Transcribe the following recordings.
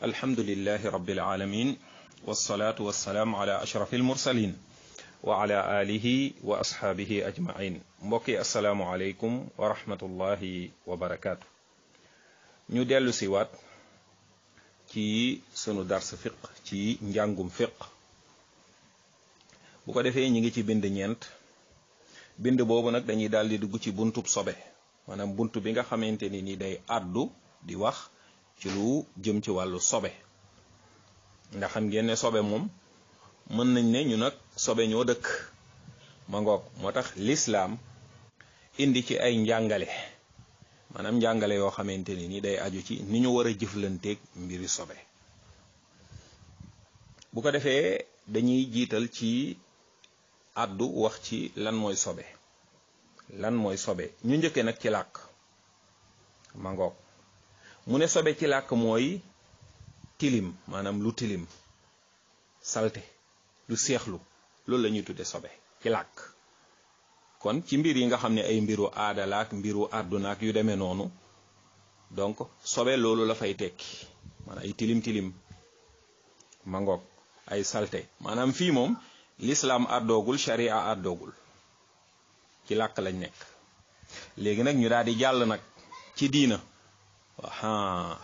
alhamdulillahi rabbil alamin wasalaatu wasalaam ala ashraf almursalin wa ala alihi wa ashaabihi ajmain mbokki asalaamu aleykum wa rahmatullahi wa barakaatu ñu dellu si waat ci sunu dars fiq ci njàngum fiq bu ko defee ñi ngi ci bind ñeent bind boobu nag dañuy daal di dugg ci buntub sobe maanaam bunt bi nga xamante ni ni day àddu di wax ci lu jëm ci wàllu sobe ndaxam xam sobe moom mën nañ ne ñu nag sobe ñoo dëkk ma ngoog moo tax lislaam indi ci ay njàngale maanaam njàngale yoo xamante ne ni day aju ci ni ñu war a jëflanteeg mbiri sobe bu ko defee dañuy jiital ci àddu wax ci lan mooy sobe lan mooy sobe ñu njëkkee nag ci làkk ma ngoog mu ne sobe ci làkk mooy tilim maanaam lu tilim salte lu seexlu loolu la ñuy tudde sobe ci làkk kon ci mbir yi nga xam ne ay mbiru aada mbiru àddunaak yu demee noonu donc sobe loolu la fay tekki maanaam ay tilim tilim mangoog ay salte maanaam fii moom lislaam àddoogul sharia àddoogul ci làkk lañ nekk léegi nag ñu daal di jàll nag ci diina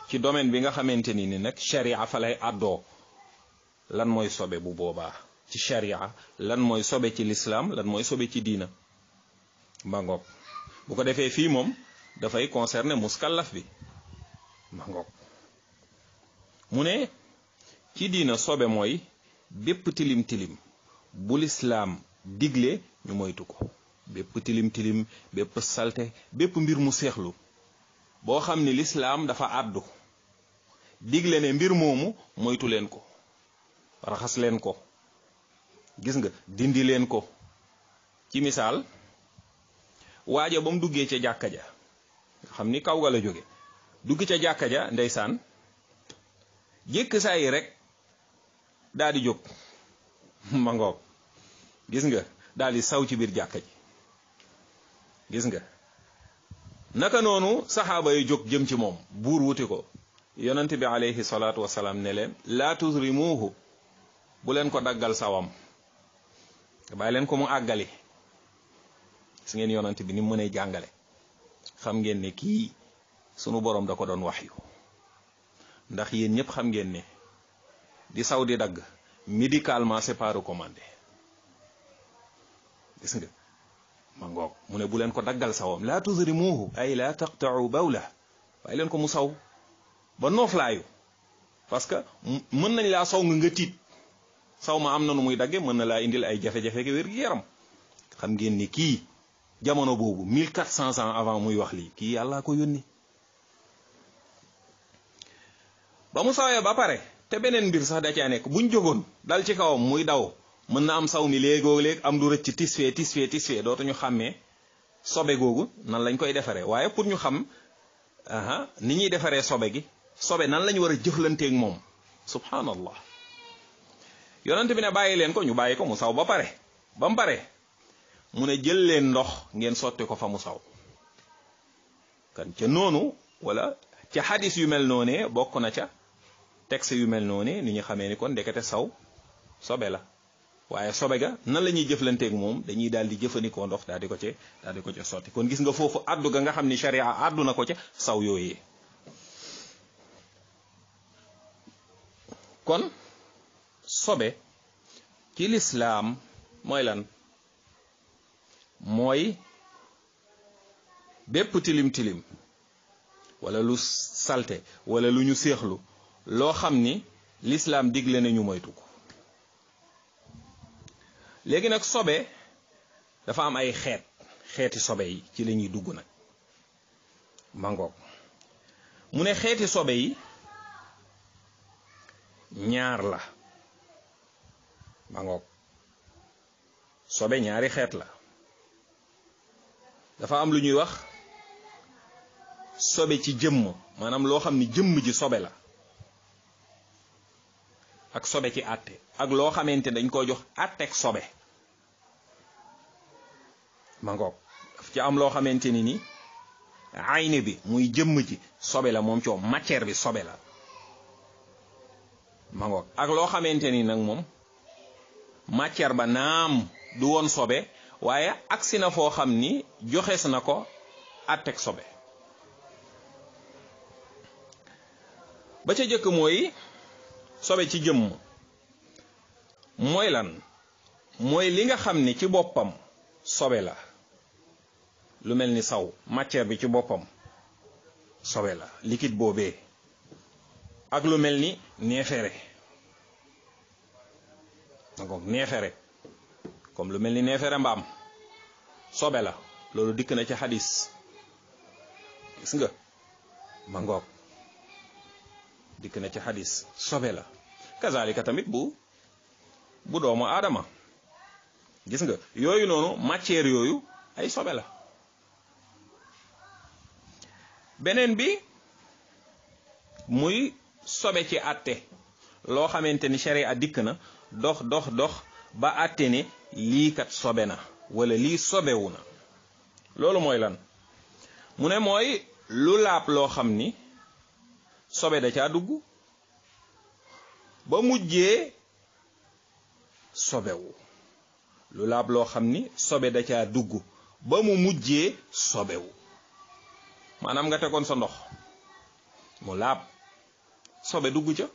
ci domaine bi nga xamante ni ni nag sharia fa lay àddoo lan mooy sobe bu boobaa ci sharia lan mooy sobe ci lislaam lan mooy sobe ci diina mbangoog bu ko defee fii moom dafay concerner muskallaf bi mbangoog mu ne ci diina sobe mooy bépp tilim tilim bu lislaam digle ñu moytu ko bépp tilim tilim bépp salte bépp mbir mu seexlu boo xam ni lislaam dafa àddu digle ne mbir moomu moytu leen ko raxas leen ko gis nga dindi leen ko ci misaal waaja ba mu duggee ca jàkka ja nga xam ni kaw ga la jóge dugg ca jàkka ja ndeysaan jékk saa yi rek daal di jóg ma gis nga daal di saw ci biir jàkka ji gis nga naka noonu saxaaba yi jóg jëm ci moom buur wuti ko yonent bi alayhi salaatu wasalaam ne leen laa tusrimuuhu bu leen ko daggal sawam bàyyi leen ko mu àggali su ngeen yonent bi ni mu mënee jàngale xam ngeen ne kii sunu boroom da ko doon wax yu ndax yéen ñëpp xam ngeen ne di saw di dagg médicalement c'est pas recommandé gis nga ma ngoog mu ne bu leen ko daggal sawam laa tuzrimuhu ay laa taqtau bawlah waaye leen ko mu saw ba nooflaayu parce que mën nañ laa saw nga nga tiit saw ma am na nu muy dagge mën na laa indil ay jafe-jafe ki wér gi yaram xam ngeen ni kii jamono boobu 1400 ans avant muy wax lii kii yàlla ko yónni ba mu sawee ba pare te beneen mbir sax da caa nekk buñ jógoon dal ci kawam muy daw mën na am saw mi léegoo léeg am lu rëcc tis fee tis fee tis dootuñu xàmmee sobe googu nan lañ koy defaree waaye pour ñu xam ni ñuy defaree sobe gi sobe nan lañu war a jëflanteeg moom subhanallah yonent bi ne bàyyi leen ko ñu bàyyi ko mu saw ba pare ba mu pare mu ne jël leen ndox ngeen sotti ko fa mu saw kan ca noonu wala ca xadis yu mel noonee bokk na ca texte yu mel noonee ni ñu xamee ni kon ndekete saw sobe la waaye sobe ga nan la ñuy jëflanteeg moom dañuy daal di jëfandikoo ndox daal di ko ca ko ca sotti kon gis nga foofu addu ga nga xam ni sharia addu ko ca saw yooyee kon sobe ci lislaam mooy lan mooy bépp tilim tilim wala lu salte wala lu ñu séexlu loo xam ni lislaam digle nañu moytu ko léegi nag sobe dafa am ay xeet xeeti sobe yi ci lañuy dugg nag mangoog mu ne xeeti sobe yi ñaar la mangoog sobe ñaari xeet la dafa am lu ñuy wax sobe ci jëmm maanaam loo xam ne jëmm ji sobe la ak sobe ci atté ak lo xamanté dañ ko jox ak sobe ma ci am lo xamanté ni ayne bi muy jëm ji sobe la mom ci matière bi sobe la ma ngoog ak lo xamanté ni nak mom matière ba naam du won sobe waye agsi na foo xam ni joxees sobe ba ca jëk moy sobe ci jëmm mooy lan mooy li nga xam ni ci boppam sobe la lu mel ni saw matière bi ci boppam sobe la liquide boobee ak lu mel ni neefere donc neefere comme lu mel ni neefere mbaam sobe la loolu dikk na ci xadis gis nga ma ngoog dikk na ci xadis sobe la kazalika tamit bu bu doomu aadama gis nga yooyu noonu matière yooyu ay sobe la beneen bi muy sobe ci àtte loo xamante ni sharia dikk na dox dox dox ba àtte ne lii sobe na wala lii sobewu na loolu mooy lan mu ne mooy lu laab loo xam ni sobe da caa dugg ba mujjee sobewu lu laab loo xam ni sobe da caa dugg ba mu mujjee sobewu maanaam nga tegoon sa ndox mu laab sobe dugg ca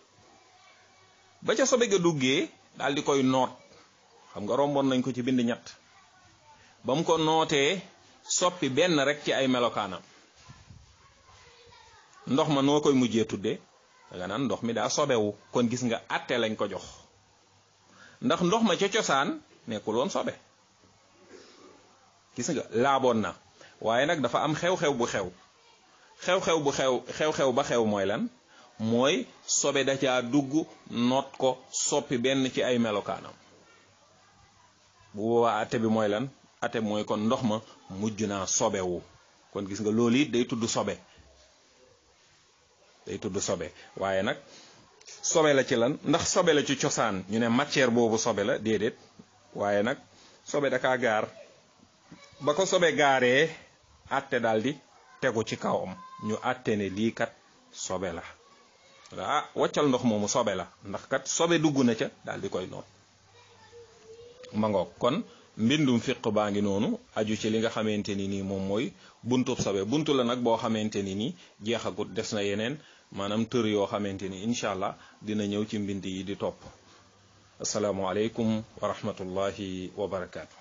ba ca sobe ga duggee daal di koy noot xam nga romboon nañ ko ci bind ñett ba mu ko nootee soppi benn rek ci ay melokaanam ndox ma noo koy mujjee tuddee danga naan ndox mi daa sobewu kon gis nga àtte lañ ko jox ndax ndox ma ca cosaan nekkuloon sobe gis nga laaboon na waaye nag dafa am xew-xew bu xew xew-xew bu xew xew-xew ba xew mooy lan mooy sobe da caa dugg noot ko soppi benn ci ay melokaanam bu boobaa àtte bi mooy lan àtte bi mooy kon ndox ma mujj naa sobewu kon gis nga loolu it day tudd sobe day tudd sobe waaye nag sobe la ci lan ndax sobe la ci cosaan ñu ne matière boobu sobe la déedéet waaye nag sobe dakaa gaar ba ko sobee gaaree àtte daal di tegu ci kawam ñu àtte ne lii kat sobe la a ah, woccal ndox moomu sobe la ndax kat sobe dugg na ca dal di koy noot ma kon mbindum fiq baa ngi noonu aju ci li nga xamante ni nii moom mooy buntub sabe buntu la nag boo xamante ni nii jeexagut des na yeneen maanaam tër yoo xamante ni incha allah dina ñëw ci mbind yi di topp asalaamualeykum wa rahmatullahi wa barakaatu.